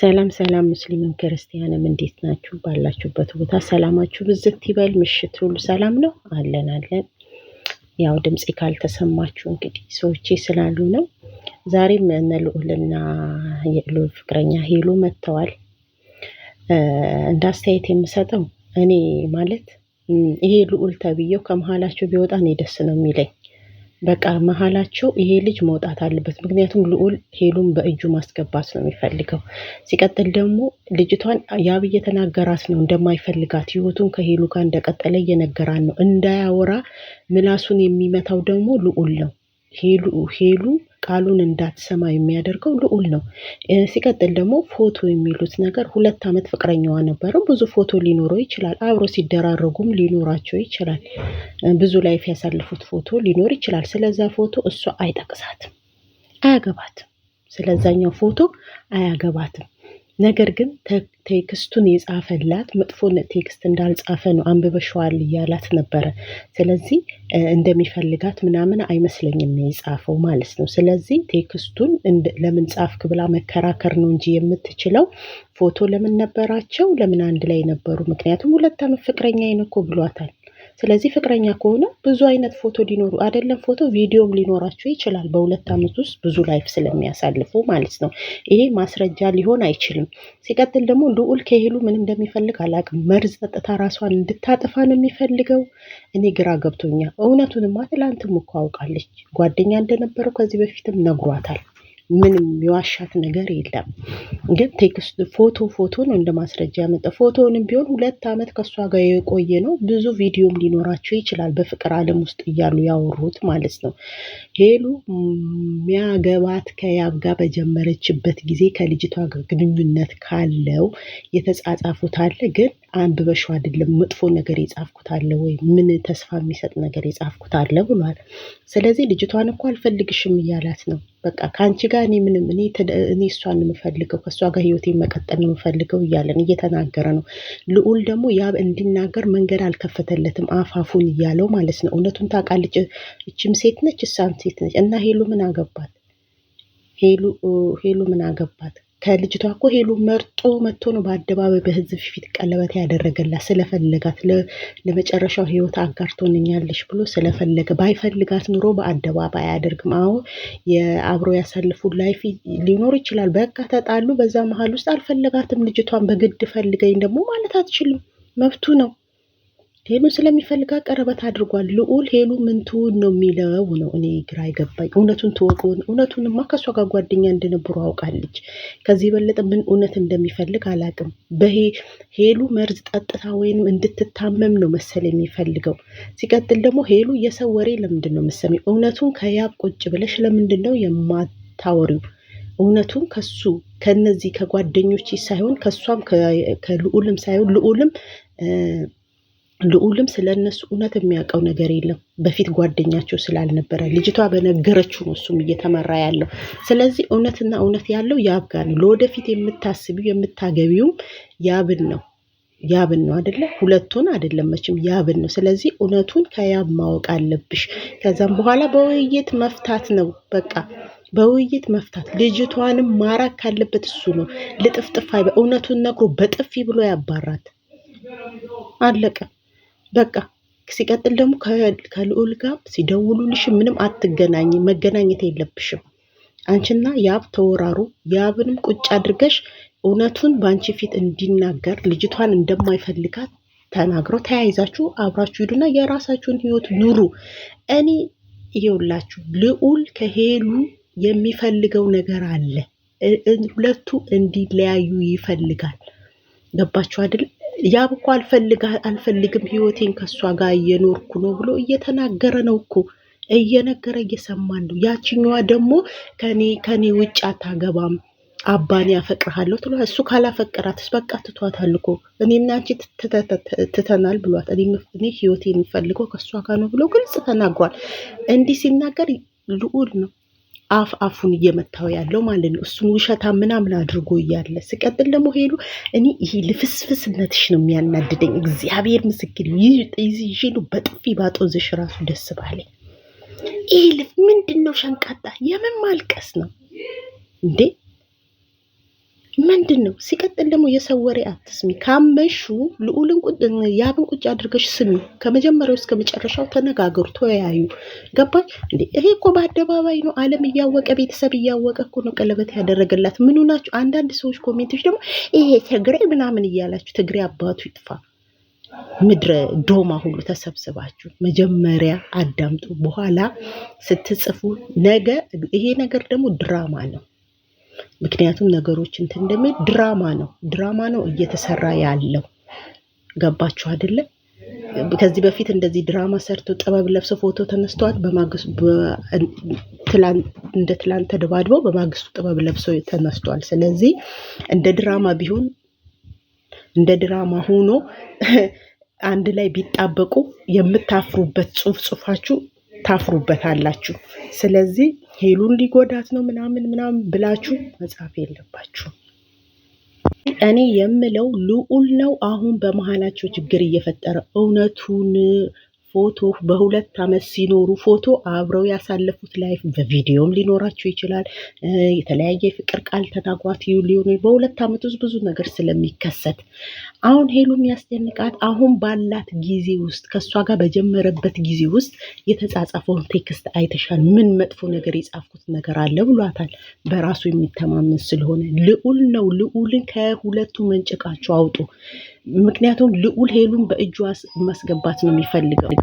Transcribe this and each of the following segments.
ሰላም ሰላም ሙስሊምም ክርስቲያንም እንዴት ናችሁ? ባላችሁበት ቦታ ሰላማችሁ ብዝት ይበል። ምሽት ሁሉ ሰላም ነው አለን አለን። ያው ድምፄ ካልተሰማችሁ እንግዲህ ሰዎቼ ስላሉ ነው። ዛሬም እነ ልዑልና የልዑል ፍቅረኛ ሄሎ መጥተዋል። እንደ አስተያየት የምሰጠው እኔ ማለት ይሄ ልዑል ተብዬው ከመሀላችሁ ቢወጣ እኔ ደስ ነው የሚለኝ በቃ መሀላቸው ይሄ ልጅ መውጣት አለበት። ምክንያቱም ልዑል ሄሉን በእጁ ማስገባት ነው የሚፈልገው። ሲቀጥል ደግሞ ልጅቷን ያብ እየተናገራት ነው እንደማይፈልጋት፣ ህይወቱን ከሄሉ ጋር እንደቀጠለ እየነገራት ነው። እንዳያወራ ምላሱን የሚመታው ደግሞ ልዑል ነው። ሄሉ ቃሉን እንዳትሰማ የሚያደርገው ልዑል ነው። ሲቀጥል ደግሞ ፎቶ የሚሉት ነገር ሁለት ዓመት ፍቅረኛዋ ነበረው። ብዙ ፎቶ ሊኖረው ይችላል። አብሮ ሲደራረጉም ሊኖራቸው ይችላል። ብዙ ላይፍ ያሳልፉት ፎቶ ሊኖር ይችላል። ስለዛ ፎቶ እሷ አይጠቅሳትም፣ አያገባትም። ስለዛኛው ፎቶ አያገባትም። ነገር ግን ቴክስቱን የጻፈላት መጥፎ ቴክስት እንዳልጻፈ ነው አንብበሸዋል እያላት ነበረ። ስለዚህ እንደሚፈልጋት ምናምን አይመስለኝም የጻፈው ማለት ነው። ስለዚህ ቴክስቱን ለምን ጻፍክ ብላ መከራከር ነው እንጂ የምትችለው ፎቶ ለምን ነበራቸው? ለምን አንድ ላይ ነበሩ? ምክንያቱም ሁለት ዓመት ፍቅረኛ ይነኮ ብሏታል። ስለዚህ ፍቅረኛ ከሆነ ብዙ አይነት ፎቶ ሊኖሩ አይደለም ፎቶ ቪዲዮም ሊኖራቸው ይችላል። በሁለት ዓመት ውስጥ ብዙ ላይፍ ስለሚያሳልፉ ማለት ነው። ይሄ ማስረጃ ሊሆን አይችልም። ሲቀጥል ደግሞ ልዑል ከሄሉ ምን እንደሚፈልግ አላቅም መርዝ ጠጥታ ራሷን እንድታጠፋ ነው የሚፈልገው። እኔ ግራ ገብቶኛል። እውነቱንማ ትላንትም እኮ አውቃለች። ጓደኛ እንደነበረው ከዚህ በፊትም ነግሯታል። ምንም የዋሻት ነገር የለም። ግን ቴክስት ፎቶ ፎቶን እንደ ማስረጃ ያመጣ ፎቶንም ቢሆን ሁለት ዓመት ከእሷ ጋር የቆየ ነው። ብዙ ቪዲዮም ሊኖራቸው ይችላል በፍቅር ዓለም ውስጥ እያሉ ያወሩት ማለት ነው። ሄሉ ሚያገባት ከያብ ጋር በጀመረችበት ጊዜ ከልጅቷ ጋር ግንኙነት ካለው የተጻጻፉት አለ። ግን አንብበሽው አይደለም መጥፎ ነገር የጻፍኩት አለ ወይ ምን ተስፋ የሚሰጥ ነገር የጻፍኩት አለ ብሏል። ስለዚህ ልጅቷን እኮ አልፈልግሽም እያላት ነው በቃ ከአንቺ ጋር እኔ ምንም እኔ እኔ እሷን የምፈልገው ከእሷ ጋር ህይወቴን መቀጠል የምፈልገው እያለን እየተናገረ ነው። ልዑል ደግሞ ያ እንዲናገር መንገድ አልከፈተለትም፣ አፋፉን እያለው ማለት ነው። እውነቱን ታውቃለች። እችም ሴት ነች፣ እሳም ሴት ነች። እና ሄሉ ምን አገባት? ሄሉ ሄሉ ምን አገባት? ከልጅቷ እኮ ሄሉ መርጦ መጥቶ ነው በአደባባይ በህዝብ ፊት ቀለበት ያደረገላት ስለፈለጋት ለመጨረሻው ህይወት አጋርቶንኛለሽ ብሎ ስለፈለገ ባይፈልጋት ኑሮ በአደባባይ አያደርግም። አዎ የአብሮ ያሳልፉ ላይፍ ሊኖር ይችላል። በቃ ተጣሉ። በዛ መሀል ውስጥ አልፈለጋትም ልጅቷን። በግድ ፈልገኝ ደግሞ ማለት አትችልም፣ መብቱ ነው። ሄሉን ስለሚፈልጋ ቀረበት አድርጓል። ልዑል ሄሉ ምንትውን ነው የሚለው ነው እኔ ግራ አይገባኝ። እውነቱን ትወቀውን። እውነቱንማ ከእሷ ጋር ጓደኛ እንደነበሩ አውቃለች። ከዚህ የበለጠ ምን እውነት እንደሚፈልግ አላቅም። በሄ ሄሉ መርዝ ጠጥታ ወይም እንድትታመም ነው መሰል የሚፈልገው። ሲቀጥል ደግሞ ሄሉ የሰው ወሬ ለምንድን ነው የምትሰሚው? እውነቱን ከያብ ቁጭ ብለሽ ለምንድን ነው የማታወሪው? እውነቱን ከሱ ከነዚህ ከጓደኞች ሳይሆን ከእሷም ከልዑልም ሳይሆን ልዑልም ልዑልም ስለ እነሱ እውነት የሚያውቀው ነገር የለም። በፊት ጓደኛቸው ስላልነበረ ልጅቷ በነገረችው ነው እሱም እየተመራ ያለው። ስለዚህ እውነትና እውነት ያለው ያብ ጋር ነው። ለወደፊት የምታስቢው የምታገቢውም ያብን ነው ያብን ነው አደለ? ሁለቱን አደለም መቼም ያብን ነው። ስለዚህ እውነቱን ከያብ ማወቅ አለብሽ። ከዛም በኋላ በውይይት መፍታት ነው በቃ በውይይት መፍታት ልጅቷንም ማራክ ካለበት እሱ ነው። ልጥፍጥፋ በእውነቱን ነግሮ በጥፊ ብሎ ያባራት አለቀ። በቃ ሲቀጥል ደግሞ ከልዑል ጋር ሲደውሉልሽ ምንም አትገናኝ፣ መገናኘት የለብሽም። አንቺና የአብ ተወራሩ። የአብንም ቁጭ አድርገሽ እውነቱን በአንቺ ፊት እንዲናገር ልጅቷን እንደማይፈልጋት ተናግሮ ተያይዛችሁ አብራችሁ ሂዱና የራሳችሁን ህይወት ኑሩ። እኔ ይውላችሁ ልዑል ከሄሉ የሚፈልገው ነገር አለ። ሁለቱ እንዲለያዩ ይፈልጋል። ገባችሁ አይደል? ያም እኮ አልፈልግም ህይወቴን ከእሷ ጋር እየኖርኩ ነው ብሎ እየተናገረ ነው እኮ እየነገረ እየሰማን ነው። ያችኛዋ ደግሞ ከኔ ከኔ ውጭ አታገባም አባኔ ያፈቅርሃለሁ ትሏ። እሱ ካላፈቀራትስ በቃ ትቷታል እኮ እኔና አንቺ ትተናል ብሏት፣ እኔ ህይወቴ የሚፈልገው ከእሷ ጋር ነው ብሎ ግልጽ ተናግሯል። እንዲህ ሲናገር ልዑል ነው። አፍ አፉን እየመታው ያለው ማለት ነው። እሱን ውሸታ ምናምን አድርጎ እያለ ስቀጥል ደግሞ ሄሉ እኔ ይሄ ልፍስፍስነትሽ ነው የሚያናድደኝ። እግዚአብሔር ምስክር ይህ በጥፊ ባጦዝሽ ራሱ ደስ ባለኝ። ይህ ልፍ ምንድን ነው ሸንቃጣ? የምን ማልቀስ ነው እንዴ? ምንድን ነው? ሲቀጥል ደግሞ የሰው ወሬ አትስሚ። ካመሹ ልዑልን ያብን ቁጭ አድርገሽ ስሚ። ከመጀመሪያው እስከ መጨረሻው ተነጋገሩ፣ ተወያዩ። ገባች እንዴ? ይሄ እኮ በአደባባይ ነው፣ ዓለም እያወቀ ቤተሰብ እያወቀ እኮ ነው ቀለበት ያደረገላት። ምኑ ናቸው አንዳንድ ሰዎች ኮሜንቶች ደግሞ ይሄ ትግሬ ምናምን እያላችሁ ትግሬ አባቱ ይጥፋ። ምድረ ዶማ ሁሉ ተሰብስባችሁ መጀመሪያ አዳምጡ፣ በኋላ ስትጽፉ። ነገ ይሄ ነገር ደግሞ ድራማ ነው። ምክንያቱም ነገሮች እንትን እንደሚል ድራማ ነው፣ ድራማ ነው እየተሰራ ያለው ገባችሁ አይደለ? ከዚህ በፊት እንደዚህ ድራማ ሰርቶ ጥበብ ለብሶ ፎቶ ተነስተዋል። በማግስቱ እንደ ትላንት ተደባድበው በማግስቱ ጥበብ ለብሶ ተነስተዋል። ስለዚህ እንደ ድራማ ቢሆን እንደ ድራማ ሆኖ አንድ ላይ ቢጣበቁ የምታፍሩበት ጽሁፍ ጽሁፋችሁ ታፍሩበታላችሁ። ስለዚህ ሄሉን ሊጎዳት ነው ምናምን ምናምን ብላችሁ መጻፍ የለባችሁም። እኔ የምለው ልዑል ነው አሁን በመሀላቸው ችግር እየፈጠረ እውነቱን ፎቶ በሁለት ዓመት ሲኖሩ ፎቶ አብረው ያሳለፉት ላይፍ በቪዲዮም ሊኖራቸው ይችላል። የተለያየ ፍቅር ቃል ተናጓት ሊሆኑ በሁለት ዓመት ውስጥ ብዙ ነገር ስለሚከሰት አሁን ሄሉ የሚያስደንቃት አሁን ባላት ጊዜ ውስጥ ከእሷ ጋር በጀመረበት ጊዜ ውስጥ የተጻጻፈውን ቴክስት አይተሻል፣ ምን መጥፎ ነገር የጻፍኩት ነገር አለ ብሏታል። በራሱ የሚተማመን ስለሆነ ልዑል ነው። ልዑልን ከሁለቱ መንጭቃቸው አውጡ። ምክንያቱም ልዑል ሄሉን በእጇ ማስገባት ነው የሚፈልገው።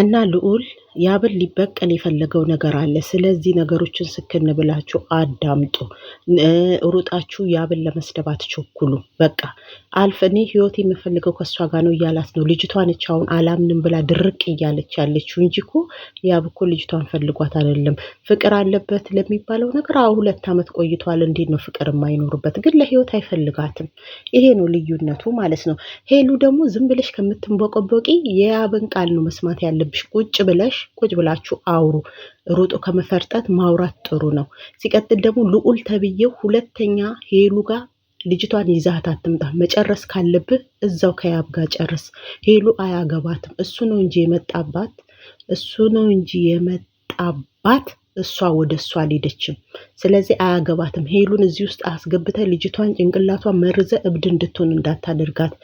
እና ልዑል ያብን ሊበቀል የፈለገው ነገር አለ። ስለዚህ ነገሮችን ስክን ብላችሁ አዳምጡ። ሩጣችሁ ያብን ለመስደባት አትቸኩሉ። በቃ አልፍ እኔ ህይወት የምፈልገው ከእሷ ጋር ነው እያላት ነው። ልጅቷን እቻውን አላምንም ብላ ድርቅ እያለች ያለችው እንጂ እኮ ያብ እኮ ልጅቷን ፈልጓት አይደለም። ፍቅር አለበት ለሚባለው ነገር አሁ ሁለት ዓመት ቆይቷል። እንዴት ነው ፍቅር የማይኖርበት? ግን ለህይወት አይፈልጋትም። ይሄ ነው ልዩነቱ ማለት ነው። ሄሉ ደግሞ ዝም ብለሽ ከምትንቦቀቦቂ የያብን ቃል ነው መስማት ያለ አለብሽ። ቁጭ ብለሽ ቁጭ ብላችሁ አውሩ። ሩጦ ከመፈርጠት ማውራት ጥሩ ነው። ሲቀጥል ደግሞ ልዑል ተብዬው ሁለተኛ ሄሉ ጋር ልጅቷን ይዛት አትምጣ። መጨረስ ካለብህ እዛው ከያብ ጋር ጨርስ። ሄሉ አያገባትም። እሱ ነው እንጂ የመጣባት እሱ ነው እንጂ የመጣባት እሷ ወደ እሷ አልሄደችም። ስለዚህ አያገባትም። ሄሉን እዚህ ውስጥ አስገብተ ልጅቷን ጭንቅላቷ መርዘ እብድ እንድትሆን እንዳታደርጋት።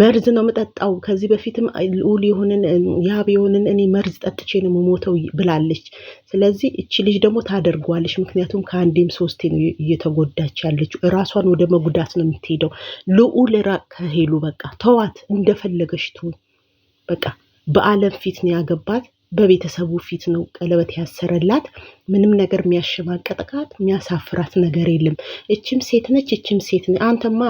መርዝ ነው የምጠጣው። ከዚህ በፊትም ልዑል የሆንን ያብ የሆንን እኔ መርዝ ጠጥቼ ነው የምሞተው ብላለች። ስለዚህ እቺ ልጅ ደግሞ ታደርገዋለች። ምክንያቱም ከአንዴም ሶስቴ ነው እየተጎዳች ያለችው። ራሷን ወደ መጉዳት ነው የምትሄደው። ልዑል ራቅ ከሄሉ በቃ ተዋት፣ እንደፈለገች ትሁን። በቃ በአለም ፊት ነው ያገባት። በቤተሰቡ ፊት ነው ቀለበት ያሰረላት። ምንም ነገር የሚያሸማቀጥቃት የሚያሳፍራት ነገር የለም። እችም ሴት ነች፣ እችም ሴት ነች፣ አንተማ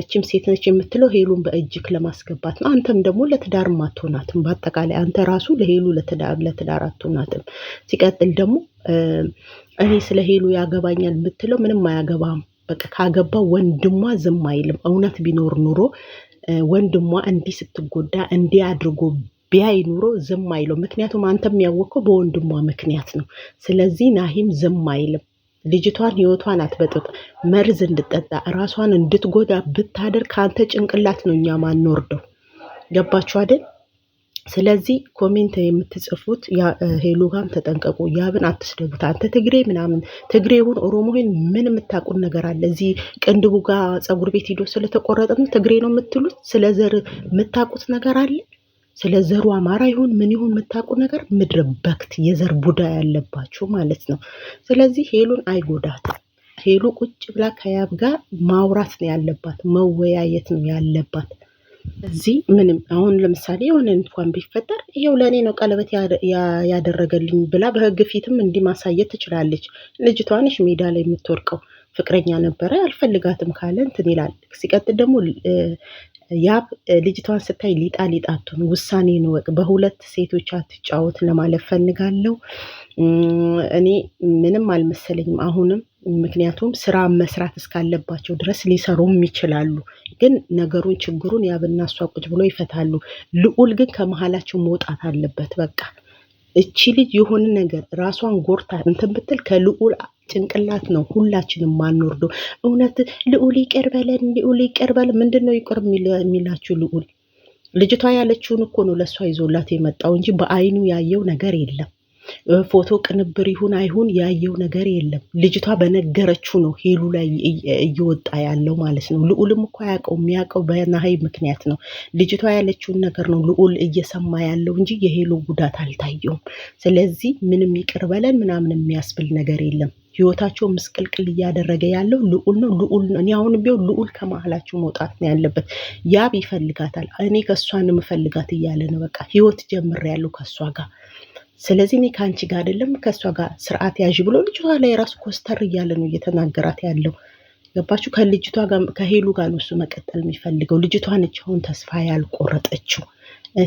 እችም ሴት ነች የምትለው ሄሉን በእጅክ ለማስገባት ነው። አንተም ደግሞ ለትዳር አትሆናትም። በአጠቃላይ አንተ ራሱ ለሄሉ ለትዳር አትሆናትም። ሲቀጥል ደግሞ እኔ ስለ ሄሉ ያገባኛል የምትለው ምንም አያገባም። በቃ ካገባ ወንድሟ ዝም አይልም። እውነት ቢኖር ኑሮ ወንድሟ እንዲህ ስትጎዳ እንዲህ አድርጎ ቢያይ ኑሮ ዝም አይለው። ምክንያቱም አንተ የሚያወቀው በወንድሟ ምክንያት ነው። ስለዚህ ናሂም ዝም አይልም። ልጅቷን ህይወቷን አትበጥጥ፣ መርዝ እንድጠጣ እራሷን እንድትጎዳ ብታደርግ ከአንተ ጭንቅላት ነው እኛ ማንወርደው። ገባችሁ አይደል? ስለዚህ ኮሜንት የምትጽፉት ሄሉጋም ተጠንቀቁ፣ ያብን አትስደቡት። አንተ ትግሬ ምናምን ትግሬ ይሁን ኦሮሞ ይሁን ምን የምታውቁን ነገር አለ? እዚህ ቅንድቡ ጋር ጸጉር ቤት ሂዶ ስለተቆረጠ ነው ትግሬ ነው የምትሉት? ስለ ዘር የምታውቁት ነገር አለ? ስለ ዘሩ አማራ ይሁን ምን ይሁን የምታውቁ ነገር ምድረ በክት የዘር ቡዳ ያለባችሁ ማለት ነው። ስለዚህ ሄሉን አይጎዳት ሄሉ ቁጭ ብላ ከያብ ጋር ማውራት ነው ያለባት፣ መወያየት ነው ያለባት። እዚህ ምንም አሁን ለምሳሌ የሆነ እንኳን ቢፈጠር ይኸው ለእኔ ነው ቀለበት ያደረገልኝ ብላ በህግ ፊትም እንዲህ ማሳየት ትችላለች። ልጅቷንሽ ሜዳ ላይ የምትወድቀው ፍቅረኛ ነበረ አልፈልጋትም ካለ እንትን ይላል። ሲቀጥል ደግሞ ያብ ልጅቷን ስታይ ሊጣ ሊጣቱን ውሳኔ ንወቅ፣ በሁለት ሴቶች አትጫወት ለማለት ፈልጋለሁ። እኔ ምንም አልመሰለኝም አሁንም ምክንያቱም ስራ መስራት እስካለባቸው ድረስ ሊሰሩም ይችላሉ። ግን ነገሩን ችግሩን ያብና እሷ ቁጭ ብሎ ይፈታሉ። ልዑል ግን ከመሀላቸው መውጣት አለበት። በቃ እቺ ልጅ የሆነ ነገር ራሷን ጎርታ እንትን ብትል ከልዑል ጭንቅላት ነው ሁላችንም ማንወርደው። እውነት ልዑል ይቀርበለን ልዑል ይቅር ምንድን ነው ይቅር የሚላችሁ ልዑል? ልጅቷ ያለችውን እኮ ነው ለእሷ ይዞላት የመጣው እንጂ በአይኑ ያየው ነገር የለም። ፎቶ ቅንብር ይሁን አይሁን ያየው ነገር የለም። ልጅቷ በነገረችው ነው ሄሉ ላይ እየወጣ ያለው ማለት ነው። ልዑልም እኮ ያቀው የሚያውቀው በናሀይ ምክንያት ነው። ልጅቷ ያለችውን ነገር ነው ልዑል እየሰማ ያለው እንጂ የሄሉ ጉዳት አልታየውም። ስለዚህ ምንም ይቅር በለን ምናምን የሚያስብል ነገር የለም። ህይወታቸው ምስቅልቅል እያደረገ ያለው ልዑል ነው። ልዑል ነው። እኔ አሁንም ቢሆን ልዑል ከመሀላችሁ መውጣት ነው ያለበት። ያብ ይፈልጋታል። እኔ ከእሷን የምፈልጋት እያለ ነው። በቃ ህይወት ጀምሬያለሁ ከእሷ ጋር ስለዚህ እኔ ከአንቺ ጋር አይደለም ከእሷ ጋር ስርዓት ያዥ ብሎ ልጅቷ ላይ የራሱ ኮስተር እያለ ነው እየተናገራት ያለው። ገባችሁ? ከልጅቷ ጋር ከሄሉ ጋር ነው እሱ መቀጠል የሚፈልገው። ልጅቷ ነች አሁን ተስፋ ያልቆረጠችው።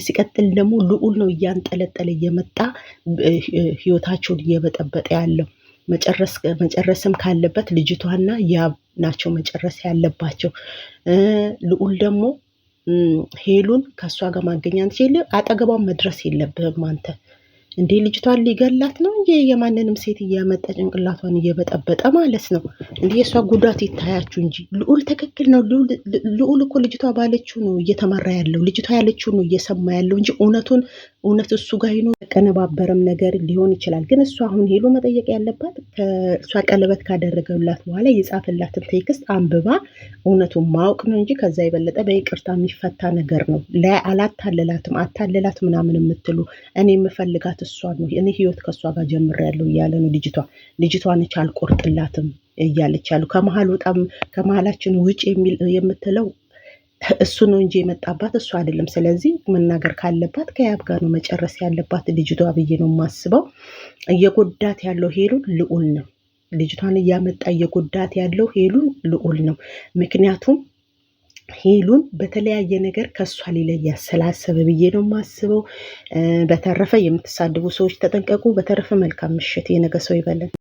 ሲቀጥል ደግሞ ልዑል ነው እያንጠለጠለ እየመጣ ህይወታቸውን እየበጠበጠ ያለው። መጨረስም ካለበት ልጅቷና ያብ ናቸው መጨረስ ያለባቸው። ልዑል ደግሞ ሄሉን ከእሷ ጋር ማገኛት ሲል አጠገቧን መድረስ የለብህም አንተ እንዴ ልጅቷን ሊገላት ነው እንጂ የማንንም ሴት እያመጣ ጭንቅላቷን እየበጠበጠ ማለት ነው። እንዴ የእሷ ጉዳት ይታያችሁ እንጂ ልዑል ትክክል ነው። ልዑል እኮ ልጅቷ ባለችው ነው እየተመራ ያለው፣ ልጅቷ ያለችው ነው እየሰማ ያለው እንጂ እውነቱን እውነት እሱ ጋር ይኖ ቀነባበረም ነገር ሊሆን ይችላል። ግን እሱ አሁን ሄሎ መጠየቅ ያለባት ከእሷ ቀለበት ካደረገላት በኋላ የጻፈላትን ቴክስት አንብባ እውነቱን ማወቅ ነው እንጂ ከዛ የበለጠ በይቅርታ የሚፈታ ነገር ነው። ላይ አላታለላትም አታለላት ምናምን የምትሉ እኔ የምፈልጋት እሷ ነው እኔ ህይወት ከእሷ ጋር ጀምር ያለው እያለ ነው ልጅቷ ልጅቷን ቻል አልቆርጥላትም እያለች ያሉ ከመሀል በጣም ከመሀላችን ውጭ የምትለው እሱ ነው እንጂ የመጣባት እሱ አይደለም። ስለዚህ መናገር ካለባት ከያብ ጋር ነው መጨረስ ያለባት ልጅቷ ብዬ ነው የማስበው። እየጎዳት ያለው ሄሉን ልዑል ነው። ልጅቷን እያመጣ እየጎዳት ያለው ሄሉን ልዑል ነው። ምክንያቱም ሄሉን በተለያየ ነገር ከእሷ ሊለያ ስላሰበ ብዬ ነው የማስበው። በተረፈ የምትሳድቡ ሰዎች ተጠንቀቁ። በተረፈ መልካም ምሽት፣ የነገ ሰው ይበለን።